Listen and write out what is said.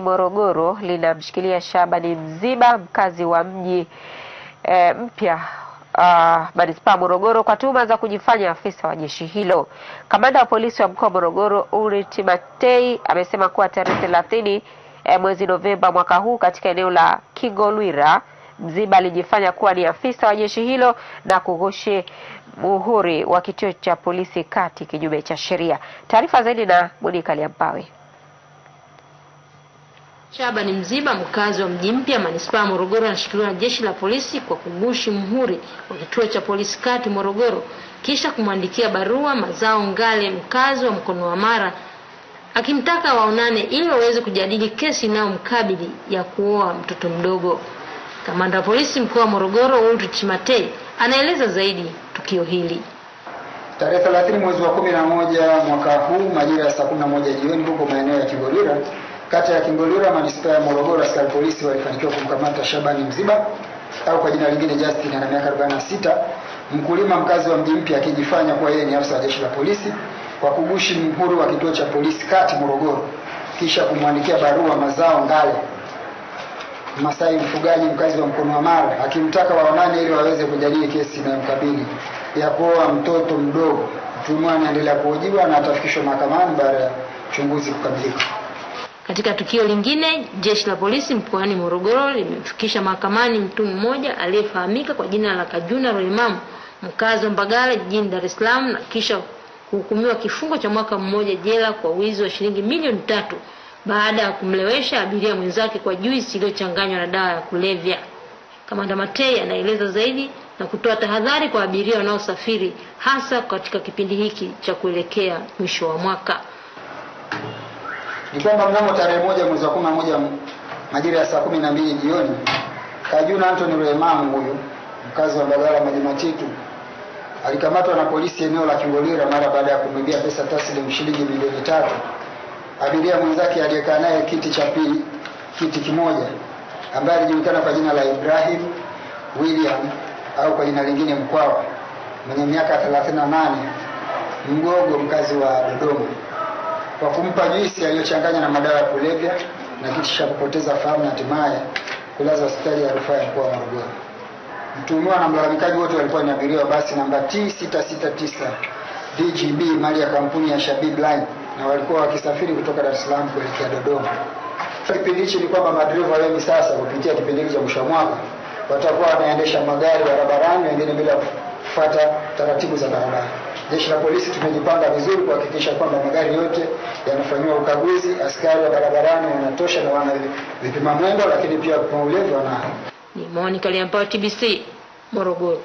mkoani Morogoro linamshikilia Shabani Mziba mkazi wa mji e, mpya Uh, manispaa Morogoro kwa tuhuma za kujifanya afisa wa jeshi hilo. Kamanda wa polisi wa mkoa wa Morogoro Uri Timatei amesema kuwa tarehe thelathini eh, mwezi Novemba mwaka huu katika eneo la Kigolwira Mziba alijifanya kuwa ni afisa wa jeshi hilo na kughushe muhuri wa kituo cha polisi kati kinyume cha sheria. Taarifa zaidi na Monika Liampawe. Shabani Mziba, mkazi wa Mji Mpya, manispaa ya Morogoro, anashikiliwa na jeshi la polisi kwa kugushi mhuri wa kituo cha polisi kati Morogoro, kisha kumwandikia barua Mazao Ngale, mkazi wa Mkono wa Mara, akimtaka waonane ili waweze kujadili kesi inayomkabili ya kuoa mtoto mdogo. Kamanda wa polisi mkoa wa Morogoro, Ulrich matei anaeleza zaidi tukio hili. Tarehe 30 mwezi wa 11 mwaka huu majira ya saa 11 jioni huko maeneo ya Kigorira kata ya Kimbolera manispaa ya Morogoro, askari polisi walifanikiwa kumkamata Shabani Mziba au kwa jina lingine Justin, ana miaka 46, mkulima mkazi wa mji mpya, akijifanya kuwa yeye ni afisa wa jeshi la polisi kwa kugushi mhuri wa kituo cha polisi kati Morogoro, kisha kumwandikia barua Mazao Ngale Masai, mfugaji mkazi wa mkono wa Mara akimtaka waonane ili waweze kujadili kesi inayomkabili ya kuoa mtoto mdogo. Mtuhumiwa anaendelea kuhojiwa na atafikishwa mahakamani baada ya uchunguzi kukamilika. Katika tukio lingine, jeshi la polisi mkoani Morogoro limemfikisha mahakamani mtu mmoja aliyefahamika kwa jina la Kajuna Roimam mkazi wa Mbagala jijini Dar es Salaam na kisha kuhukumiwa kifungo cha mwaka mmoja jela kwa wizi wa shilingi milioni tatu baada ya kumlewesha abiria mwenzake kwa juisi iliyochanganywa na dawa ya kulevya. Kamanda Matei anaeleza zaidi na kutoa tahadhari kwa abiria wanaosafiri hasa katika kipindi hiki cha kuelekea mwisho wa mwaka ni kwamba mnamo tarehe moja mwezi wa kumi na moja majira ya saa kumi na mbili jioni Kajuna Anthony Rwemamu huyu mkazi wa Mbagala Majimatito alikamatwa na polisi eneo la Kingolira mara baada ya kumwibia pesa taslimu shilingi milioni tatu abiria mwenzake aliyekaa naye kiti cha pili kiti kimoja ambaye alijulikana kwa jina la Ibrahim William au kwa jina lingine Mkwawa mwenye miaka 38 mgogo mkazi wa Dodoma kwa kumpa juisi aliyochanganya na madawa ya kulevya na cha kupoteza fahamu na hatimaye kulaza hospitali ya rufaa ya mkoa wa Morogoro. Mtuhumiwa na mlalamikaji wote walikuwa ni abiria wa basi namba T669 DGB mali ya kampuni ya Shabib Line na walikuwa wakisafiri kutoka Dar es Salaam kuelekea Dodoma. Kipindi hichi ni kwamba madereva wengi sasa kupitia kipindi hiki cha mwisho mwaka watakuwa wanaendesha magari barabarani, wengine bila kufuata taratibu za barabara. Jeshi la polisi tumejipanga vizuri kuhakikisha kwamba magari yote yanafanyiwa ukaguzi, askari wa barabarani wanatosha na wana vipima mwendo, lakini pia kwa ulevi wanao. Ni Monica Liambao, TBC, Morogoro.